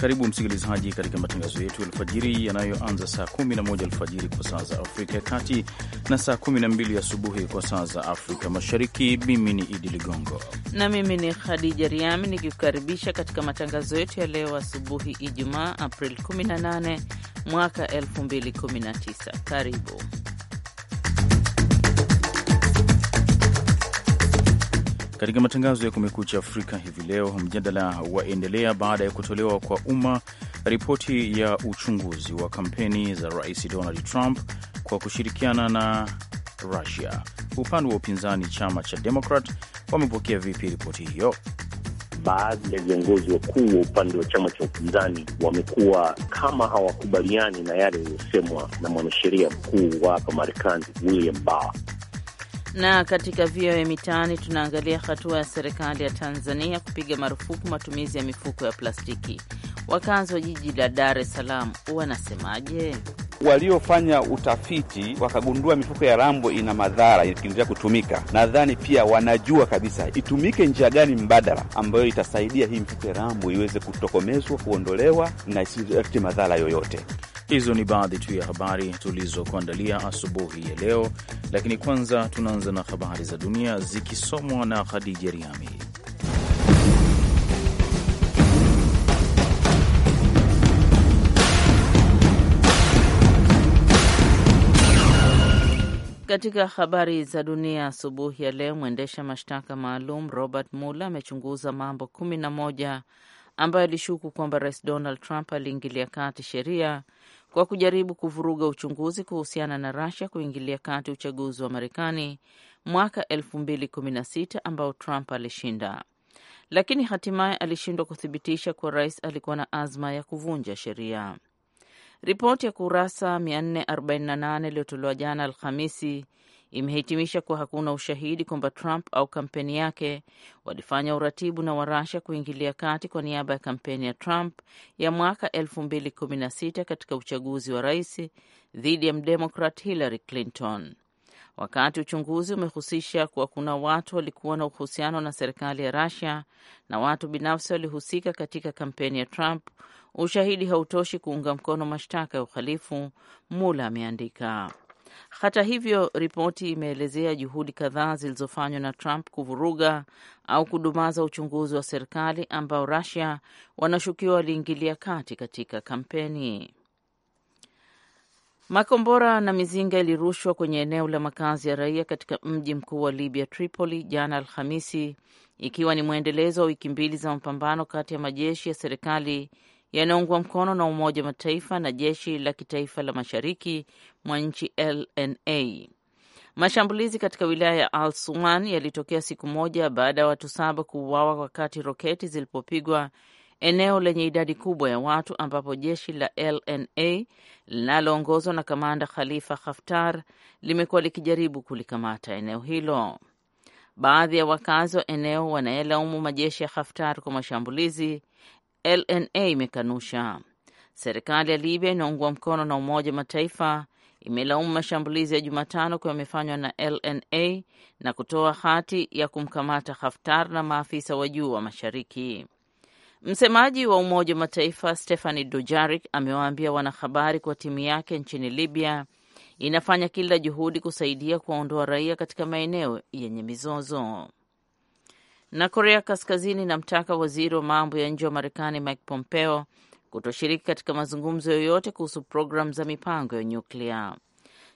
Karibu msikilizaji katika matangazo yetu ya alfajiri yanayoanza saa 11 alfajiri kwa saa za Afrika ya Kati na saa 12 asubuhi kwa saa za Afrika Mashariki. Mimi ni Idi Ligongo na mimi ni Khadija Riami nikikukaribisha katika matangazo yetu ya leo asubuhi, Ijumaa April 18 mwaka 2019. Karibu Katika matangazo ya Kumekucha Afrika hivi leo, mjadala waendelea baada ya kutolewa kwa umma ripoti ya uchunguzi wa kampeni za Rais Donald Trump kwa kushirikiana na Rusia. Upande wa upinzani, chama cha Demokrat, wamepokea vipi ripoti hiyo? Baadhi ya viongozi wakuu wa upande wa chama cha upinzani wamekuwa kama hawakubaliani na yale yaliyosemwa na mwanasheria mkuu wa hapa Marekani William Barr. Na katika VOA Mitaani tunaangalia hatua ya serikali ya Tanzania kupiga marufuku matumizi ya mifuko ya plastiki. Wakazi wa jiji la Dar es Salaam wanasemaje? Waliofanya utafiti wakagundua mifuko ya rambo ina madhara ikiendelea kutumika. Nadhani pia wanajua kabisa itumike njia gani mbadala ambayo itasaidia hii mifuko ya rambo iweze kutokomezwa, kuondolewa na isilete madhara yoyote. Hizo ni baadhi tu ya habari tulizokuandalia asubuhi ya leo, lakini kwanza tunaanza na habari za dunia zikisomwa na Khadija Riami. Katika habari za dunia asubuhi ya leo, mwendesha mashtaka maalum Robert Mueller amechunguza mambo kumi na moja ambayo alishuku kwamba rais Donald Trump aliingilia kati sheria kwa kujaribu kuvuruga uchunguzi kuhusiana na Russia kuingilia kati uchaguzi wa Marekani mwaka 2016 ambao Trump alishinda, lakini hatimaye alishindwa kuthibitisha kuwa rais alikuwa na azma ya kuvunja sheria. Ripoti ya kurasa 448 iliyotolewa jana Alhamisi imehitimisha kuwa hakuna ushahidi kwamba Trump au kampeni yake walifanya uratibu na Warasha kuingilia kati kwa niaba ya kampeni ya Trump ya mwaka 2016 katika uchaguzi wa rais dhidi ya mdemokrat Hillary Clinton. Wakati uchunguzi umehusisha kuwa kuna watu walikuwa na uhusiano na serikali ya rasia na watu binafsi walihusika katika kampeni ya Trump, ushahidi hautoshi kuunga mkono mashtaka ya uhalifu, Mula ameandika. Hata hivyo, ripoti imeelezea juhudi kadhaa zilizofanywa na Trump kuvuruga au kudumaza uchunguzi wa serikali ambao Russia wanashukiwa waliingilia kati katika kampeni. Makombora na mizinga ilirushwa kwenye eneo la makazi ya raia katika mji mkuu wa Libya, Tripoli, jana Alhamisi, ikiwa ni mwendelezo wa wiki mbili za mapambano kati ya majeshi ya serikali yanaungwa mkono na Umoja wa Mataifa na jeshi la kitaifa la mashariki mwa nchi LNA. Mashambulizi katika wilaya ya Al Suman yalitokea siku moja baada ya watu saba kuuawa wakati roketi zilipopigwa eneo lenye idadi kubwa ya watu ambapo jeshi la LNA linaloongozwa na kamanda Khalifa Haftar limekuwa likijaribu kulikamata eneo hilo. Baadhi ya wakazi wa eneo wanayelaumu majeshi ya Haftar kwa mashambulizi LNA imekanusha. Serikali ya Libya inaungwa mkono na Umoja wa Mataifa imelaumu mashambulizi ya Jumatano kuwa yamefanywa na LNA na kutoa hati ya kumkamata Haftar na maafisa wa juu wa mashariki. Msemaji wa Umoja wa Mataifa Stephani Dujarik amewaambia wanahabari kuwa timu yake nchini Libya inafanya kila juhudi kusaidia kuwaondoa raia katika maeneo yenye mizozo na Korea Kaskazini inamtaka waziri wa mambo ya nje wa Marekani Mike Pompeo kutoshiriki katika mazungumzo yoyote kuhusu programu za mipango ya nyuklia.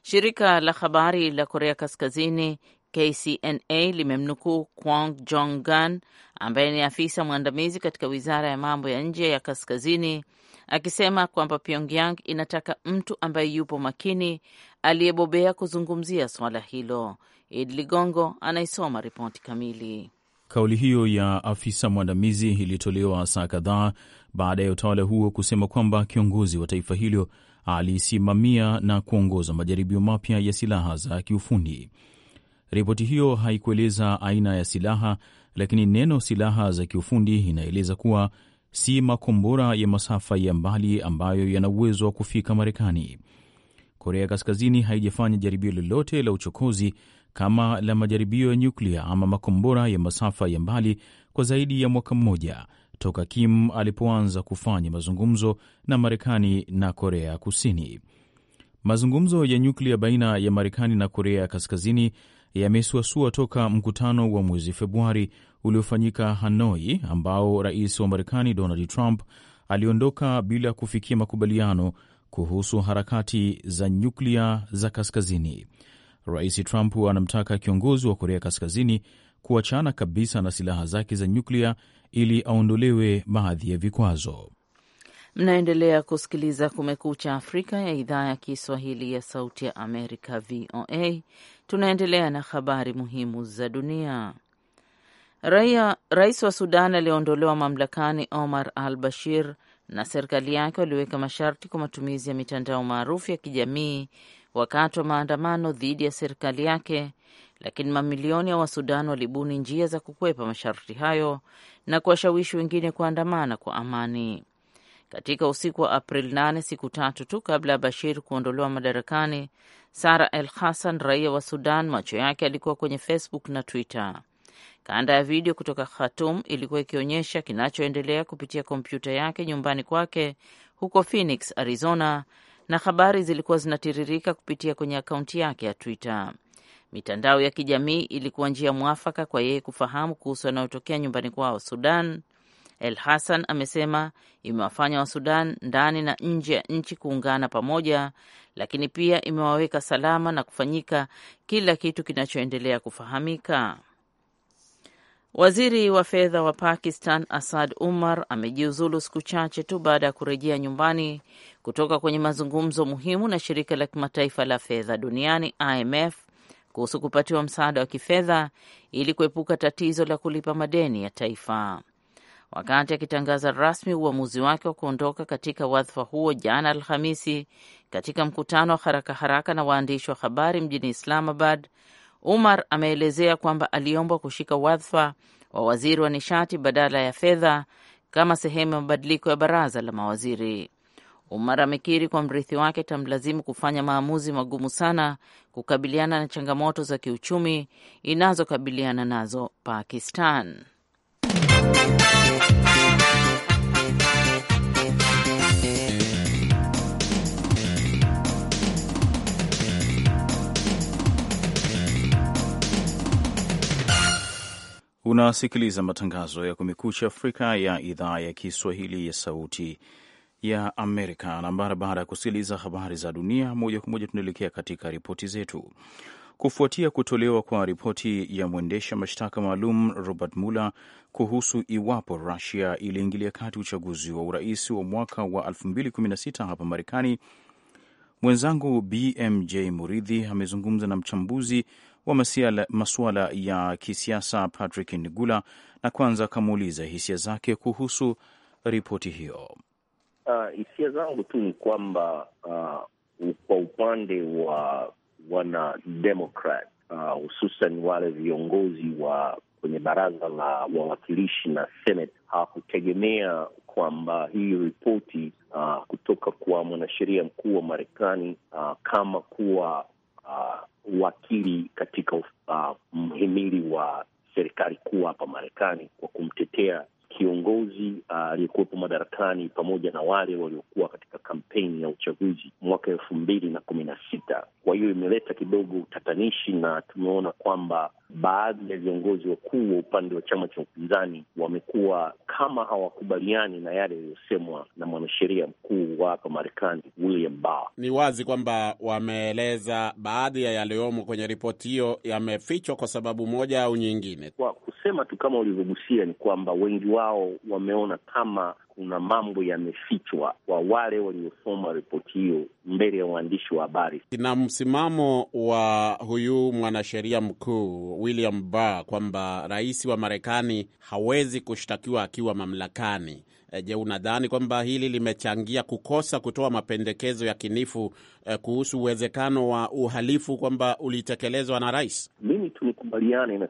Shirika la habari la Korea Kaskazini KCNA limemnukuu Kwang Jong Gan ambaye ni afisa mwandamizi katika wizara ya mambo ya nje ya Kaskazini akisema kwamba Pyongyang inataka mtu ambaye yupo makini aliyebobea kuzungumzia suala hilo. id Ligongo anaisoma ripoti kamili. Kauli hiyo ya afisa mwandamizi ilitolewa saa kadhaa baada ya utawala huo kusema kwamba kiongozi wa taifa hilo alisimamia na kuongoza majaribio mapya ya silaha za kiufundi. Ripoti hiyo haikueleza aina ya silaha, lakini neno silaha za kiufundi inaeleza kuwa si makombora ya masafa ya mbali ambayo yana uwezo wa kufika Marekani. Korea Kaskazini haijafanya jaribio lolote la uchokozi kama la majaribio ya nyuklia ama makombora ya masafa ya mbali kwa zaidi ya mwaka mmoja toka Kim alipoanza kufanya mazungumzo na Marekani na Korea Kusini. Mazungumzo ya nyuklia baina ya Marekani na Korea Kaskazini yamesuasua toka mkutano wa mwezi Februari uliofanyika Hanoi, ambao rais wa Marekani Donald Trump aliondoka bila kufikia makubaliano kuhusu harakati za nyuklia za Kaskazini. Rais Trump anamtaka kiongozi wa Korea Kaskazini kuachana kabisa na silaha zake za nyuklia ili aondolewe baadhi ya vikwazo. Mnaendelea kusikiliza Kumekucha Afrika ya idhaa ya Kiswahili ya Sauti ya Amerika, VOA. Tunaendelea na habari muhimu za dunia. Raia, rais wa Sudan aliyeondolewa mamlakani Omar al Bashir na serikali yake waliweka masharti kwa matumizi ya mitandao maarufu ya kijamii wakati wa maandamano dhidi ya serikali yake, lakini mamilioni ya Wasudan walibuni njia za kukwepa masharti hayo na kuwashawishi wengine kuandamana kwa amani. Katika usiku wa april 8, siku tatu tu kabla ya Bashir kuondolewa madarakani, Sara El Hassan, raia wa Sudan, macho yake alikuwa kwenye Facebook na Twitter. Kanda ya video kutoka Khartoum ilikuwa ikionyesha kinachoendelea kupitia kompyuta yake nyumbani kwake huko Phoenix, Arizona, na habari zilikuwa zinatiririka kupitia kwenye akaunti yake ya Twitter. Mitandao ya kijamii ilikuwa njia mwafaka kwa yeye kufahamu kuhusu yanayotokea nyumbani kwao Sudan. El Hassan amesema imewafanya wa Sudan ndani na nje ya nchi kuungana pamoja, lakini pia imewaweka salama na kufanyika kila kitu kinachoendelea kufahamika. Waziri wa fedha wa Pakistan Asad Umar amejiuzulu siku chache tu baada ya kurejea nyumbani kutoka kwenye mazungumzo muhimu na shirika la kimataifa la fedha duniani IMF kuhusu kupatiwa msaada wa kifedha ili kuepuka tatizo la kulipa madeni ya taifa. Wakati akitangaza rasmi uamuzi wake wa kuondoka katika wadhifa huo jana Alhamisi, katika mkutano wa haraka haraka na waandishi wa habari mjini Islamabad, Umar ameelezea kwamba aliombwa kushika wadhifa wa waziri wa nishati badala ya fedha kama sehemu ya mabadiliko ya baraza la mawaziri. Umar amekiri kwa mrithi wake tamlazimu kufanya maamuzi magumu sana kukabiliana na changamoto za kiuchumi inazokabiliana nazo Pakistan. Unasikiliza matangazo ya Kumekucha Afrika ya idhaa ya Kiswahili ya Sauti ya Amerika. Na mara baada ya kusikiliza habari za dunia moja kwa moja, tunaelekea katika ripoti zetu. Kufuatia kutolewa kwa ripoti ya mwendesha mashtaka maalum Robert Mueller kuhusu iwapo Rusia iliingilia kati uchaguzi wa urais wa mwaka wa 2016 hapa Marekani, mwenzangu BMJ Muridhi amezungumza na mchambuzi wa masuala ya kisiasa Patrick Ngula, na kwanza akamuuliza hisia zake kuhusu ripoti hiyo. Ah, hisia zangu tu ni kwamba uh, kwa upande wa wanademokrat ah, hususan uh, wale viongozi wa kwenye baraza la wawakilishi na Senate hawakutegemea kwamba hii ripoti uh, kutoka kwa mwanasheria mkuu wa Marekani uh, kama kuwa uh, wakili katika uh, mhimili wa serikali kuu hapa Marekani kwa kumtetea kiongozi ah, aliyekuwepo uh, madarakani pamoja na wale waliokuwa katika kampeni ya uchaguzi mwaka elfu mbili na kumi na sita. Kwa hiyo imeleta kidogo utatanishi, na tumeona kwamba baadhi ya viongozi wakuu wa upande wa chama cha upinzani wamekuwa kama hawakubaliani na yale yaliyosemwa na mwanasheria mkuu wa hapa Marekani William Barr. Ni wazi kwamba wameeleza baadhi ya yaliyomo kwenye ripoti hiyo yamefichwa kwa sababu moja au nyingine. Kwa kusema tu kama ulivyogusia, ni kwamba wengi wa wao wameona kama kuna mambo yamefichwa kwa wale waliosoma ripoti hiyo mbele ya waandishi wa habari. Na msimamo wa huyu mwanasheria mkuu William Barr kwamba rais wa Marekani hawezi kushtakiwa akiwa mamlakani, Eh, je, unadhani kwamba hili limechangia kukosa kutoa mapendekezo ya kinifu eh, kuhusu uwezekano wa uhalifu kwamba ulitekelezwa na rais? Mimi tunikubaliane na,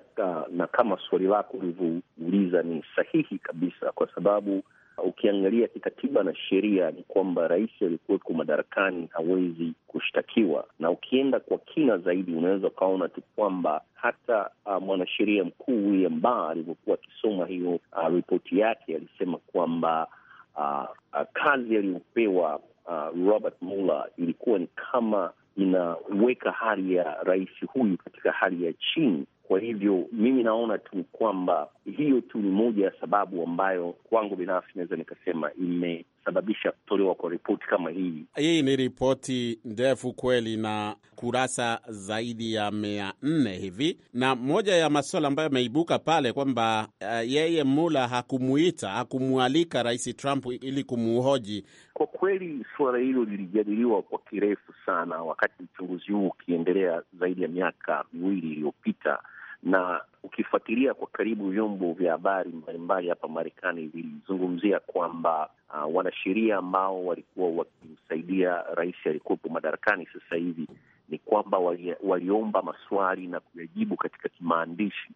na kama swali lako ulivyouliza ni sahihi kabisa, kwa sababu ukiangalia kikatiba na sheria ni kwamba rais aliyekuweko madarakani hawezi kushtakiwa, na ukienda kwa kina zaidi unaweza ukaona tu kwamba hata uh, mwanasheria mkuu William Barr alivyokuwa akisoma hiyo uh, ripoti yake alisema kwamba uh, uh, kazi aliyopewa uh, Robert Mueller ilikuwa ni kama inaweka hali ya rais huyu katika hali ya chini kwa hivyo mimi naona tu kwamba hiyo tu ni moja ya sababu ambayo kwangu binafsi naweza nikasema imesababisha kutolewa kwa ripoti kama hii. Hii ni ripoti ndefu kweli na kurasa zaidi ya mia nne hivi, na moja ya masuala ambayo yameibuka pale kwamba uh, yeye Mula hakumuita hakumwalika Rais Trump ili kumuhoji. Kwa kweli suala hilo lilijadiliwa kwa kirefu sana wakati uchunguzi huu ukiendelea zaidi ya miaka miwili iliyopita na ukifuatilia kwa karibu vyombo vya habari mbalimbali hapa Marekani vilizungumzia kwamba uh, wanasheria ambao walikuwa wakimsaidia rais aliyekuwepo madarakani sasa hivi ni kwamba wali, waliomba maswali na kuyajibu katika kimaandishi,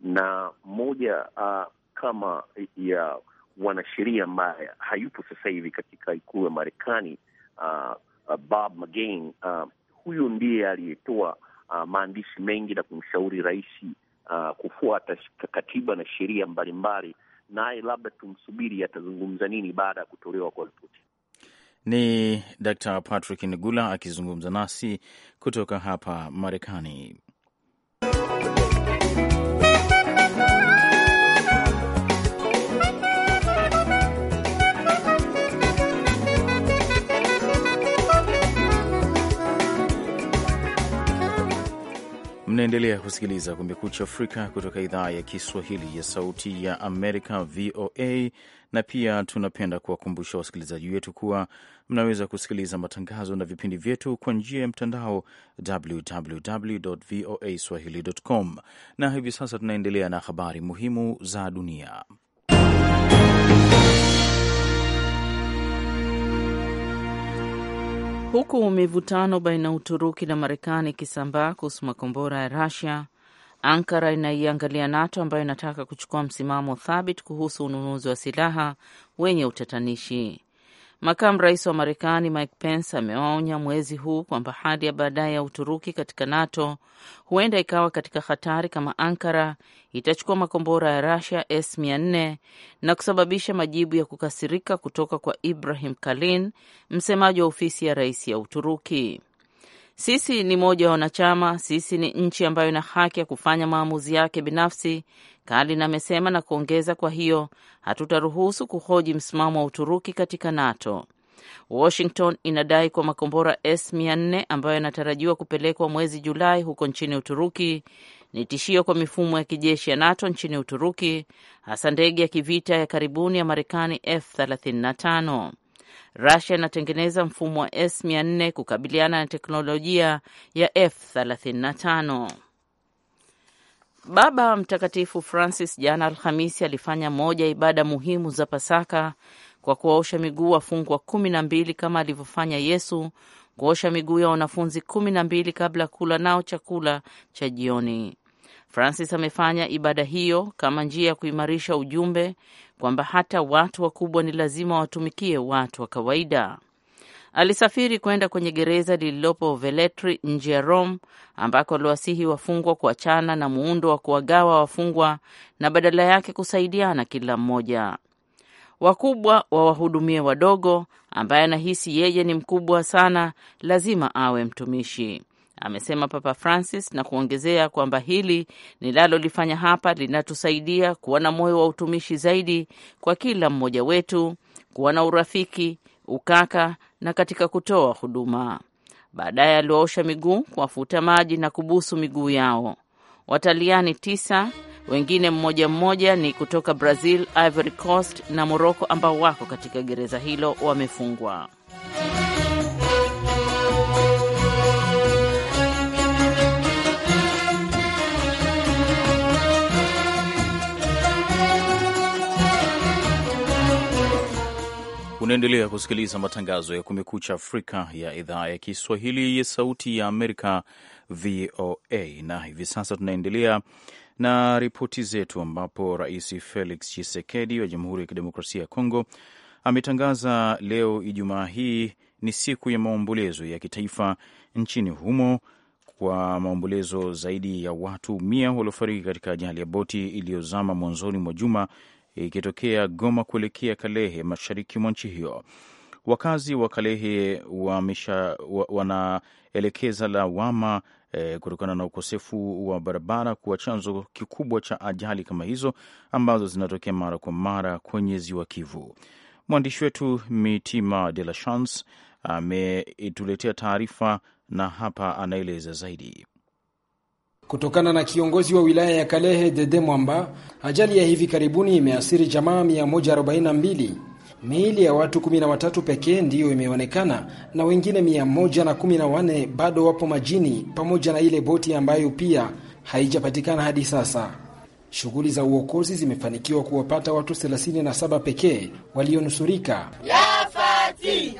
na moja uh, kama ya wanasheria ambaye hayupo sasa hivi katika ikulu ya Marekani uh, uh, Bob McGain uh, huyu ndiye aliyetoa uh, maandishi mengi na kumshauri rais uh, kufuata katiba na sheria mbalimbali, naye labda tumsubiri atazungumza nini baada ya kutolewa kwa ripoti. Ni Dr. Patrick Ngula akizungumza nasi kutoka hapa Marekani. Mnaendelea kusikiliza Kumekucha Afrika kutoka idhaa ya Kiswahili ya Sauti ya Amerika, VOA. Na pia tunapenda kuwakumbusha wasikilizaji wetu kuwa mnaweza kusikiliza matangazo na vipindi vyetu kwa njia ya mtandao www voa swahili com. Na hivi sasa tunaendelea na habari muhimu za dunia. Huku mivutano baina ya Uturuki na Marekani ikisambaa kuhusu makombora ya Rasia, Ankara inaiangalia NATO ambayo inataka kuchukua msimamo thabiti kuhusu ununuzi wa silaha wenye utatanishi. Makamu rais wa Marekani Mike Pence amewaonya mwezi huu kwamba hali ya baadaye ya Uturuki katika NATO huenda ikawa katika hatari kama Ankara itachukua makombora ya Rusia S-400 na kusababisha majibu ya kukasirika kutoka kwa Ibrahim Kalin, msemaji wa ofisi ya rais ya Uturuki. Sisi ni moja wa wanachama, sisi ni nchi ambayo ina haki ya kufanya maamuzi yake binafsi Kalin amesema na kuongeza, kwa hiyo hatutaruhusu kuhoji msimamo wa Uturuki katika NATO. Washington inadai kwa makombora S-400 ambayo yanatarajiwa kupelekwa mwezi Julai huko nchini Uturuki ni tishio kwa mifumo ya kijeshi ya NATO nchini Uturuki, hasa ndege ya kivita ya karibuni ya Marekani F35. Rusia inatengeneza mfumo wa S400 kukabiliana na teknolojia ya F35. Baba Mtakatifu Francis jana Alhamisi alifanya moja ibada muhimu za Pasaka kwa kuwaosha miguu wafungwa kumi na mbili kama alivyofanya Yesu kuosha miguu ya wanafunzi kumi na mbili kabla ya kula nao chakula cha jioni. Francis amefanya ibada hiyo kama njia ya kuimarisha ujumbe kwamba hata watu wakubwa ni lazima watumikie watu wa kawaida. Alisafiri kwenda kwenye gereza lililopo Velletri nje ya Rome ambako aliwasihi wafungwa kuachana na muundo wa kuwagawa wafungwa na badala yake kusaidiana kila mmoja. Wakubwa wa wahudumie wadogo, ambaye anahisi yeye ni mkubwa sana, lazima awe mtumishi, amesema Papa Francis, na kuongezea kwamba hili ninalolifanya hapa linatusaidia kuwa na moyo wa utumishi zaidi kwa kila mmoja wetu, kuwa na urafiki ukaka na katika kutoa huduma. Baadaye aliwaosha miguu, kuwafuta maji na kubusu miguu yao. Wataliani tisa wengine mmoja mmoja ni kutoka Brazil, Ivory Coast na Moroko ambao wako katika gereza hilo wamefungwa. Unaendelea kusikiliza matangazo ya Kumekucha Afrika ya idhaa ya Kiswahili ya Sauti ya Amerika, VOA, na hivi sasa tunaendelea na ripoti zetu, ambapo Rais Felix Tshisekedi wa Jamhuri ya Kidemokrasia ya Kongo ametangaza leo Ijumaa hii ni siku ya maombolezo ya kitaifa nchini humo kwa maombolezo zaidi ya watu mia waliofariki katika ajali ya boti iliyozama mwanzoni mwa juma ikitokea Goma kuelekea Kalehe, mashariki mwa nchi hiyo. Wakazi wa Kalehe wanaelekeza lawama e, kutokana na ukosefu wa barabara kuwa chanzo kikubwa cha ajali kama hizo ambazo zinatokea mara kwa mara kwenye ziwa Kivu. Mwandishi wetu Mitima De La Chance ametuletea taarifa na hapa anaeleza zaidi. Kutokana na kiongozi wa wilaya ya Kalehe Dede Mwamba, ajali ya hivi karibuni imeathiri jamaa 142. Miili ya watu 13 pekee ndiyo imeonekana na wengine 114 bado wapo majini, pamoja na ile boti ambayo pia haijapatikana hadi sasa. Shughuli za uokozi zimefanikiwa kuwapata watu 37 pekee walionusurika. Yafati,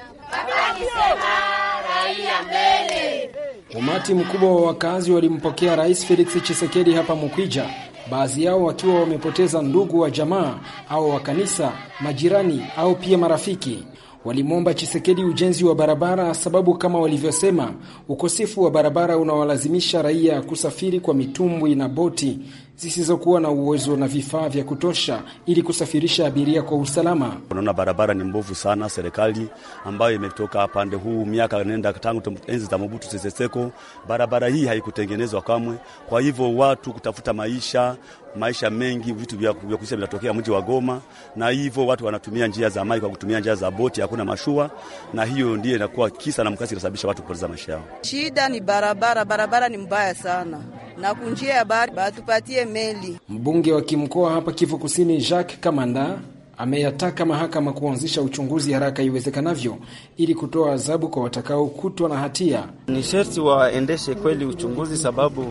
Umati mkubwa wa wakazi walimpokea Rais Felix Tshisekedi hapa Mukwija, baadhi yao wakiwa wamepoteza ndugu wa jamaa au wa kanisa, majirani au pia marafiki. Walimwomba Chisekedi ujenzi wa barabara, sababu kama walivyosema, ukosefu wa barabara unawalazimisha raia kusafiri kwa mitumbwi na boti zisizokuwa na uwezo na vifaa vya kutosha ili kusafirisha abiria kwa usalama. Unaona barabara ni mbovu sana. Serikali ambayo imetoka pande huu miaka nenda tangu enzi za Mobutu Sese Seko, barabara hii haikutengenezwa kamwe. Kwa hivyo watu kutafuta maisha maisha mengi, vitu vya kuisha vinatokea mji wa Goma, na hivyo watu wanatumia njia za maji kwa kutumia njia za boti, hakuna mashua, na hiyo ndiyo inakuwa kisa na mkasi, inasababisha watu kupoteza maisha yao. Shida ni barabara, barabara ni mbaya sana, na kunjia ya bahari batupatie meli. Mbunge wa kimkoa hapa Kivu Kusini Jacques Kamanda ameyataka mahakama kuanzisha uchunguzi haraka iwezekanavyo ili kutoa adhabu kwa watakaokutwa na hatia. Ni sherti waendeshe kweli uchunguzi, sababu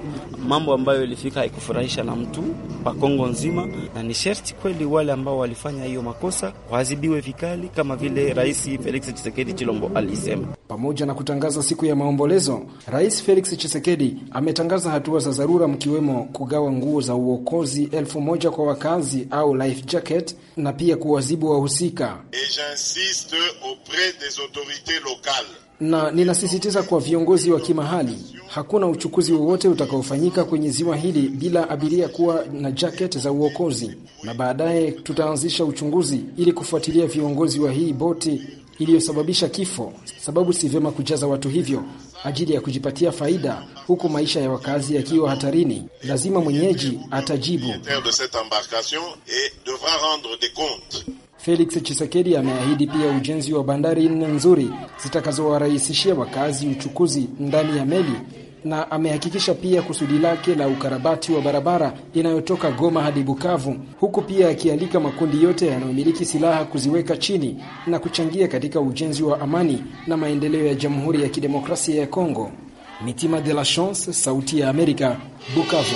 mambo ambayo ilifika haikufurahisha na mtu pa Kongo nzima, na ni sherti kweli wale ambao walifanya hiyo makosa waadhibiwe vikali, kama vile Rais Felix Chisekedi Chilombo alisema. Pamoja na kutangaza siku ya maombolezo, Rais Felix Chisekedi ametangaza hatua za dharura, mkiwemo kugawa nguo za uokozi elfu moja kwa wakazi au life jacket na pia ya kuwazibu wahusika na ninasisitiza kwa viongozi wa kimahali, hakuna uchukuzi wowote utakaofanyika kwenye ziwa hili bila abiria kuwa na jaket za uokozi, na baadaye tutaanzisha uchunguzi ili kufuatilia viongozi wa hii boti iliyosababisha kifo, sababu si vyema kujaza watu hivyo, ajili ya kujipatia faida, huku maisha ya wakazi yakiwa hatarini. Lazima mwenyeji atajibu. Felix Chisekedi ameahidi pia ujenzi wa bandari nne nzuri zitakazowarahisishia wakazi uchukuzi ndani ya meli na amehakikisha pia kusudi lake la ukarabati wa barabara inayotoka Goma hadi Bukavu, huku pia akialika makundi yote yanayomiliki silaha kuziweka chini na kuchangia katika ujenzi wa amani na maendeleo ya Jamhuri ya Kidemokrasia ya Kongo. Mitima de la Chance, Sauti ya Amerika, Bukavu.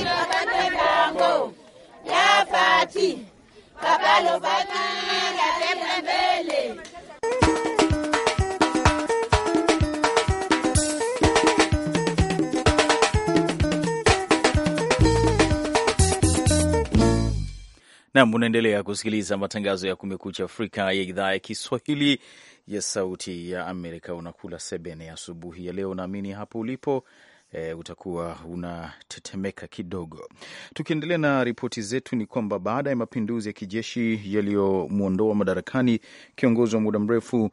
Nam, unaendelea kusikiliza matangazo ya Kumekucha Afrika ya idhaa ya Kiswahili ya Sauti ya Amerika. Unakula sebene asubuhi ya leo, naamini hapo ulipo E, utakuwa unatetemeka kidogo. Tukiendelea na ripoti zetu, ni kwamba baada ya mapinduzi ya kijeshi yaliyomwondoa madarakani kiongozi wa muda mrefu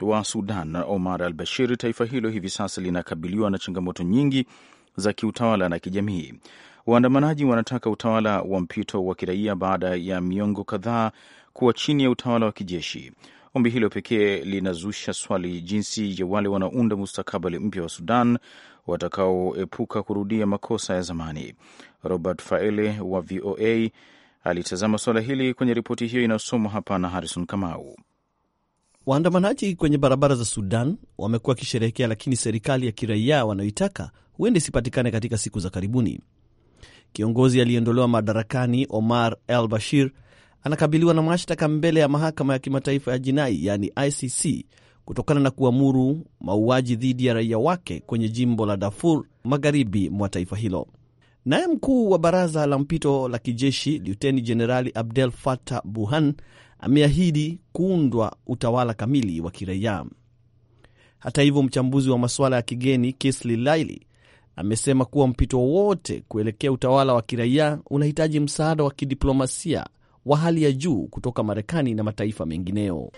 wa Sudan Omar al Bashir, taifa hilo hivi sasa linakabiliwa na changamoto nyingi za kiutawala na kijamii. Waandamanaji wanataka utawala wa mpito wa kiraia baada ya miongo kadhaa kuwa chini ya utawala wa kijeshi. Ombi hilo pekee linazusha swali jinsi ya wale wanaunda mustakabali mpya wa Sudan watakaoepuka kurudia makosa ya zamani. Robert Faele wa VOA alitazama suala hili kwenye ripoti hiyo inayosomwa hapa na Harrison Kamau. Waandamanaji kwenye barabara za Sudan wamekuwa wakisherehekea, lakini serikali ya kiraia wanayoitaka huenda isipatikane katika siku za karibuni. Kiongozi aliyeondolewa madarakani Omar al Bashir anakabiliwa na mashtaka mbele ya mahakama ya kimataifa ya jinai yaani ICC kutokana na kuamuru mauaji dhidi ya raia wake kwenye jimbo la Darfur magharibi mwa taifa hilo. Naye mkuu wa baraza la mpito la kijeshi Luteni Jenerali Abdel Fattah Burhan ameahidi kuundwa utawala kamili wa kiraia. Hata hivyo, mchambuzi wa masuala ya kigeni Kisli Laili amesema kuwa mpito wowote kuelekea utawala wa kiraia unahitaji msaada wa kidiplomasia wa hali ya juu kutoka Marekani na mataifa mengineyo.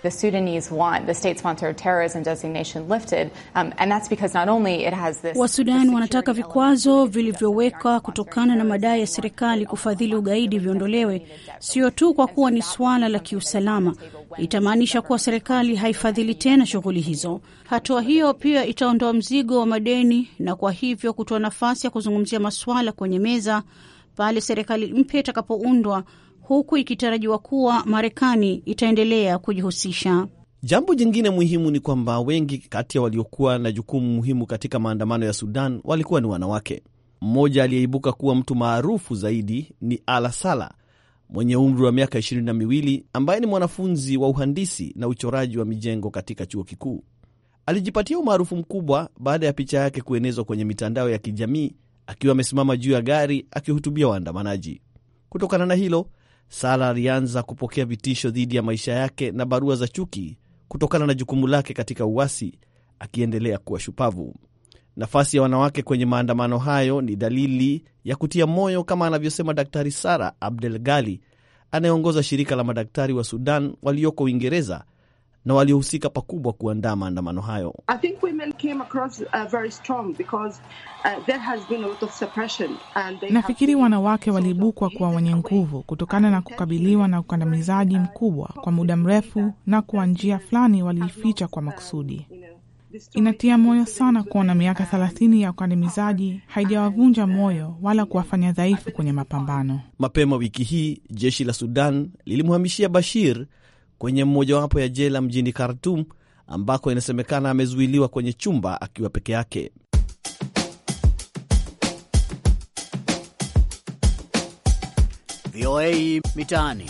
Wasudani um, wanataka vikwazo vilivyowekwa kutokana na madai ya serikali kufadhili ugaidi viondolewe, sio tu kwa kuwa ni suala la kiusalama. Itamaanisha kuwa serikali haifadhili tena shughuli hizo. Hatua hiyo pia itaondoa mzigo wa madeni na kwa hivyo kutoa nafasi ya kuzungumzia masuala kwenye meza pale serikali mpya itakapoundwa huku ikitarajiwa kuwa Marekani itaendelea kujihusisha. Jambo jingine muhimu ni kwamba wengi kati ya waliokuwa na jukumu muhimu katika maandamano ya Sudan walikuwa ni wanawake. Mmoja aliyeibuka kuwa mtu maarufu zaidi ni Ala Sala mwenye umri wa miaka ishirini na miwili ambaye ni mwanafunzi wa uhandisi na uchoraji wa mijengo katika chuo kikuu. Alijipatia umaarufu mkubwa baada ya picha yake kuenezwa kwenye mitandao ya kijamii akiwa amesimama juu ya gari akihutubia waandamanaji. Kutokana na hilo, Sara alianza kupokea vitisho dhidi ya maisha yake na barua za chuki kutokana na jukumu lake katika uasi, akiendelea kuwa shupavu. Nafasi ya wanawake kwenye maandamano hayo ni dalili ya kutia moyo, kama anavyosema Daktari Sara Abdel Gali anayeongoza shirika la madaktari wa Sudan walioko Uingereza na waliohusika pakubwa kuandaa maandamano hayo. Nafikiri wanawake waliibukwa kwa wenye nguvu kutokana na kukabiliwa na ukandamizaji mkubwa kwa muda mrefu, na kwa njia fulani waliificha kwa makusudi. Inatia moyo sana kuona miaka thelathini ya ukandamizaji haijawavunja moyo wala kuwafanya dhaifu kwenye mapambano. Mapema wiki hii jeshi la Sudan lilimhamishia Bashir kwenye mmojawapo ya jela mjini Khartum ambako inasemekana amezuiliwa kwenye chumba akiwa peke yake. VOA Mitaani.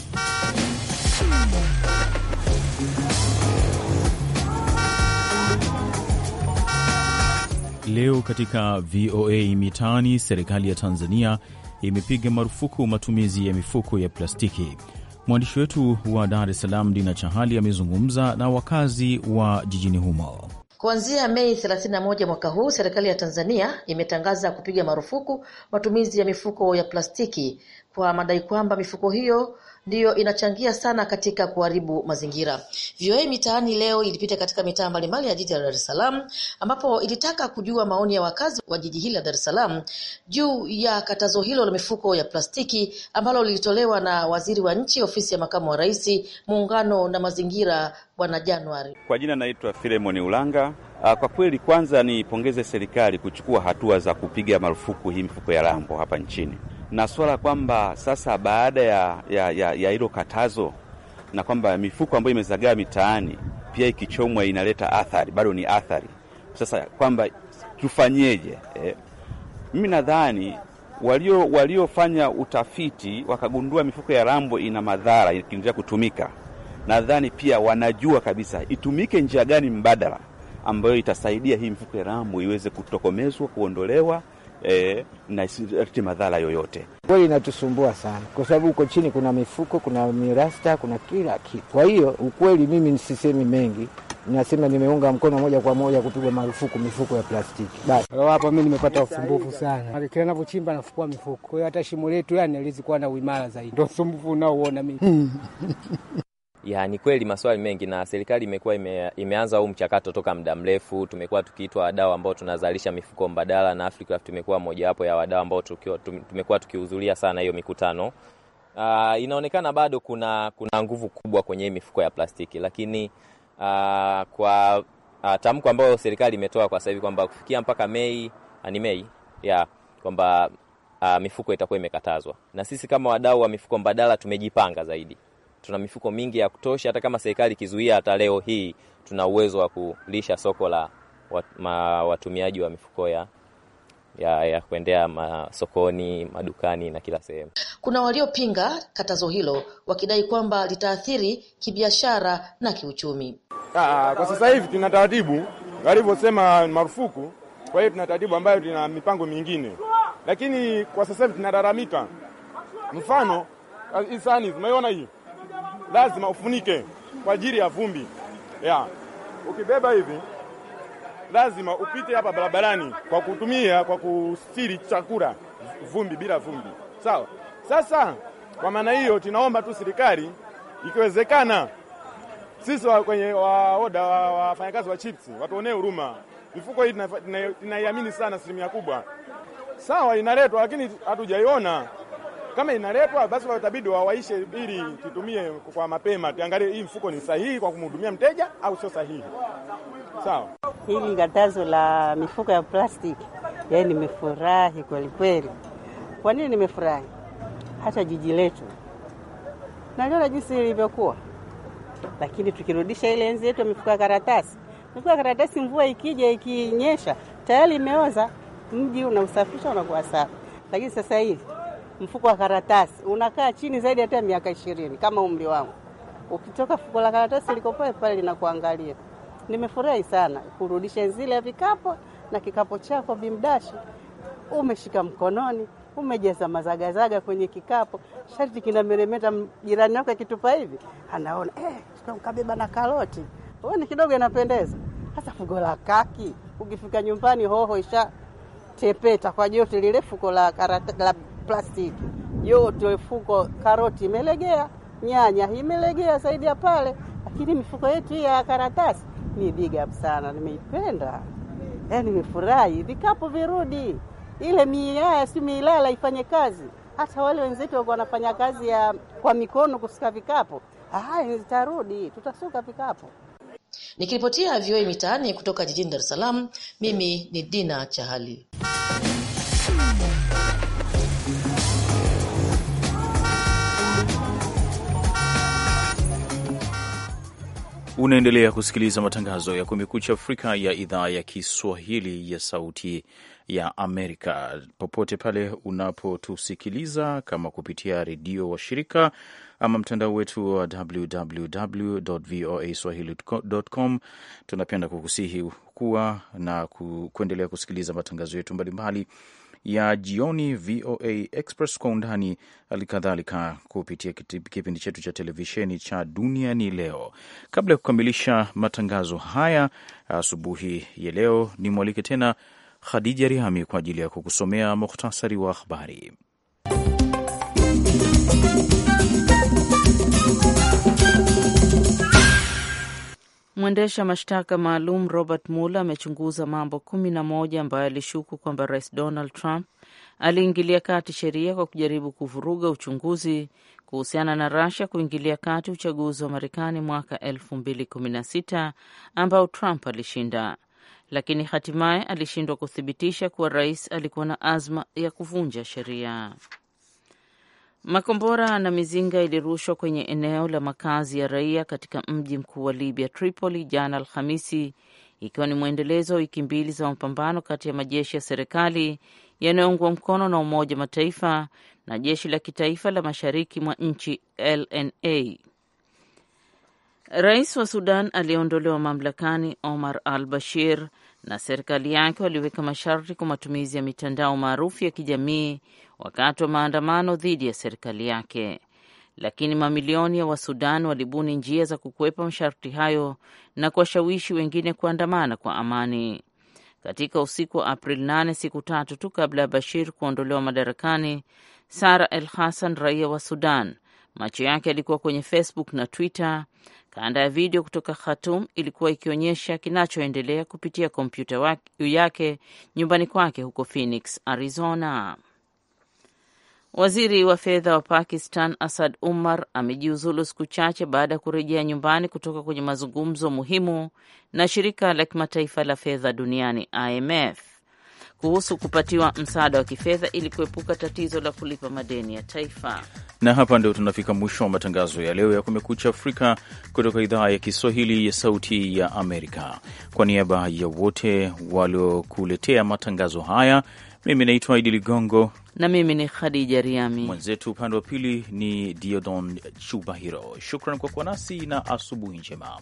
Leo katika VOA Mitaani, serikali ya Tanzania imepiga marufuku matumizi ya mifuko ya plastiki. Mwandishi wetu wa Dar es Salaam Dina Chahali amezungumza na wakazi wa jijini humo. Kuanzia Mei 31 mwaka huu, serikali ya Tanzania imetangaza kupiga marufuku matumizi ya mifuko ya plastiki kwa madai kwamba mifuko hiyo ndiyo inachangia sana katika kuharibu mazingira. VOA Mitaani leo ilipita katika mitaa mbalimbali ya jiji la Dar es Salaam, ambapo ilitaka kujua maoni ya wakazi wa jiji hili la Dar es Salaam juu ya katazo hilo la mifuko ya plastiki ambalo lilitolewa na waziri wa nchi ofisi ya makamu wa rais, muungano na mazingira, Bwana Januari. Kwa jina naitwa Filemoni Ulanga. Ah, kwa kweli kwanza niipongeze serikali kuchukua hatua za kupiga marufuku hii mifuko ya rambo hapa nchini na swala kwamba sasa baada ya ya, ya, ya hilo katazo na kwamba mifuko ambayo imezagaa mitaani pia ikichomwa inaleta athari, bado ni athari. Sasa kwamba tufanyeje? Eh, mimi nadhani walio waliofanya utafiti wakagundua mifuko ya rambo ina madhara ikiendelea kutumika, nadhani pia wanajua kabisa itumike njia gani mbadala ambayo itasaidia hii mifuko ya rambo iweze kutokomezwa, kuondolewa eh, na isireti madhara yoyote. Kweli inatusumbua sana, kwa sababu huko chini kuna mifuko, kuna mirasta, kuna kila kitu. Kwa hiyo ukweli, mimi nisisemi mengi, nasema nimeunga mkono moja kwa moja kupigwa marufuku mifuko ya plastiki. Basi hapo mimi nimepata usumbufu sana, kila navyochimba nafukua mifuko, kwa hiyo hata shimo letu yani lizikuwa na uimara zaidi, ndo usumbufu unaouona mimi hmm. ya, ni kweli maswali mengi na serikali imekuwa ime, imeanza huu mchakato toka muda mrefu. Tumekuwa tukiitwa wadau ambao tunazalisha mifuko mbadala na Africraft imekuwa mojawapo ya wadau ambao tumekuwa tukihudhuria sana hiyo mikutano. Uh, inaonekana bado kuna, kuna nguvu kubwa kwenye mifuko ya plastiki, lakini uh, kwa uh, tamko ambayo serikali imetoa kwa sasa hivi kwamba kufikia mpaka Mei ni Mei ya kwamba uh, mifuko itakuwa imekatazwa, na sisi kama wadau wa mifuko mbadala tumejipanga zaidi tuna mifuko mingi ya kutosha. Hata kama serikali ikizuia, hata leo hii tuna uwezo wa kulisha soko la wat, ma, watumiaji wa mifuko ya ya, ya kuendea masokoni, madukani na kila sehemu. Kuna waliopinga katazo hilo wakidai kwamba litaathiri kibiashara na kiuchumi. Aa, ah, ah, kwa sasa hivi tuna taratibu walivyosema marufuku, kwa hiyo tuna taratibu ambayo tuna mipango mingine, lakini kwa sasa hivi tunalalamika, mfano hii sahani, hii lazima ufunike kwa ajili ya vumbi ya Ukibeba hivi lazima upite hapa barabarani kwa kutumia kwa kustiri chakula vumbi, bila vumbi sawa. Sasa kwa maana hiyo, tunaomba tu serikali ikiwezekana, sisi wa kwenye waoda wafanyakazi wa, wa chips watuonee huruma. Mifuko hii tunaiamini sana asilimia kubwa, sawa, inaletwa lakini hatujaiona kama inaletwa basi watabidi wawaishe ili tutumie kwa mapema, tuangalie hii mfuko ni sahihi kwa kumhudumia mteja au sio sahihi. Sawa, hili gatazo la mifuko ya plastiki, yaani nimefurahi kwelikweli. Kwa nini nimefurahi? Hata jiji letu naliona jinsi ilivyokuwa, lakini tukirudisha ile enzi yetu ya mifuko ya karatasi, mifuko ya karatasi, mvua ikija ikinyesha tayari imeoza, mji unausafisha unakuwa safi, lakini sasa hivi mfuko wa karatasi unakaa chini zaidi hata miaka ishirini kama umri wangu. Ukitoka fuko la karatasi liko pale pale linakuangalia. Nimefurahi sana kurudisha zile vikapo na kikapo chako bimdashi umeshika mkononi, umejaza mazagazaga kwenye kikapo, sharti kinameremeta. Jirani yako akitupa hivi anaona eh, kabeba na karoti ni kidogo inapendeza. Sasa fuko la kaki ukifika nyumbani, hoho isha tepeta kwa joto lile fuko la karata, la plastiki yote, fuko karoti imelegea, nyanya imelegea zaidi ya pale, lakini mifuko yetu ya karatasi ni big up sana, nimeipenda yaani, nimefurahi. Vikapu virudi, ile miaya si miilala ifanye kazi. Hata wale wenzetu wako wanafanya kazi ya kwa mikono kusuka vikapu, haya zitarudi, tutasuka vikapu. Nikiripotia VOA Mitaani kutoka jijini Dar es Salaam, mimi ni Dina Chahali. Unaendelea kusikiliza matangazo ya Kumekucha Afrika ya idhaa ya Kiswahili ya Sauti ya Amerika, popote pale unapotusikiliza, kama kupitia redio wa shirika ama mtandao wetu wa www voa swahili.com. Tunapenda kukusihi kuwa na kuendelea kusikiliza matangazo yetu mbalimbali ya jioni VOA Express kwa undani, halikadhalika kupitia kipindi chetu cha televisheni cha Duniani Leo. Kabla ya kukamilisha matangazo haya asubuhi ya leo, nimwalike tena Khadija Rihami kwa ajili ya kukusomea muhtasari wa habari. Mwendesha mashtaka maalum Robert Mueller amechunguza mambo kumi na moja ambayo alishuku kwamba Rais Donald Trump aliingilia kati sheria kwa kujaribu kuvuruga uchunguzi kuhusiana na Russia kuingilia kati uchaguzi wa Marekani mwaka 2016 ambao Trump alishinda, lakini hatimaye alishindwa kuthibitisha kuwa rais alikuwa na azma ya kuvunja sheria. Makombora na mizinga ilirushwa kwenye eneo la makazi ya raia katika mji mkuu wa Libya, Tripoli, jana Alhamisi, ikiwa ni mwendelezo wa wiki mbili za mapambano kati ya majeshi ya serikali yanayoungwa mkono na Umoja Mataifa na jeshi la kitaifa la mashariki mwa nchi LNA. Rais wa Sudan aliyeondolewa mamlakani Omar al Bashir na serikali yake waliweka masharti kwa matumizi ya mitandao maarufu ya kijamii wakati wa maandamano dhidi ya serikali yake, lakini mamilioni ya Wasudan walibuni njia za kukwepa masharti hayo na kuwashawishi wengine kuandamana kwa amani. Katika usiku wa Aprili 8, siku tatu tu kabla ya Bashir kuondolewa madarakani, Sara El Hassan, raia wa Sudan, macho yake yalikuwa kwenye Facebook na Twitter Kanda ya video kutoka Khartoum ilikuwa ikionyesha kinachoendelea kupitia kompyuta yake nyumbani kwake huko Phoenix, Arizona. Waziri wa fedha wa Pakistan Asad Umar amejiuzulu siku chache baada ya kurejea nyumbani kutoka kwenye mazungumzo muhimu na shirika la kimataifa la fedha duniani IMF kuhusu kupatiwa msaada wa kifedha ili kuepuka tatizo la kulipa madeni ya taifa. Na hapa ndio tunafika mwisho wa matangazo ya leo ya Kumekucha Afrika kutoka idhaa ya Kiswahili ya Sauti ya Amerika. Kwa niaba ya wote waliokuletea matangazo haya, mimi naitwa Idi Ligongo na mimi ni Khadija Riami, mwenzetu upande wa pili ni Diodon Chubahiro. Shukran kwa kuwa nasi na asubuhi njema.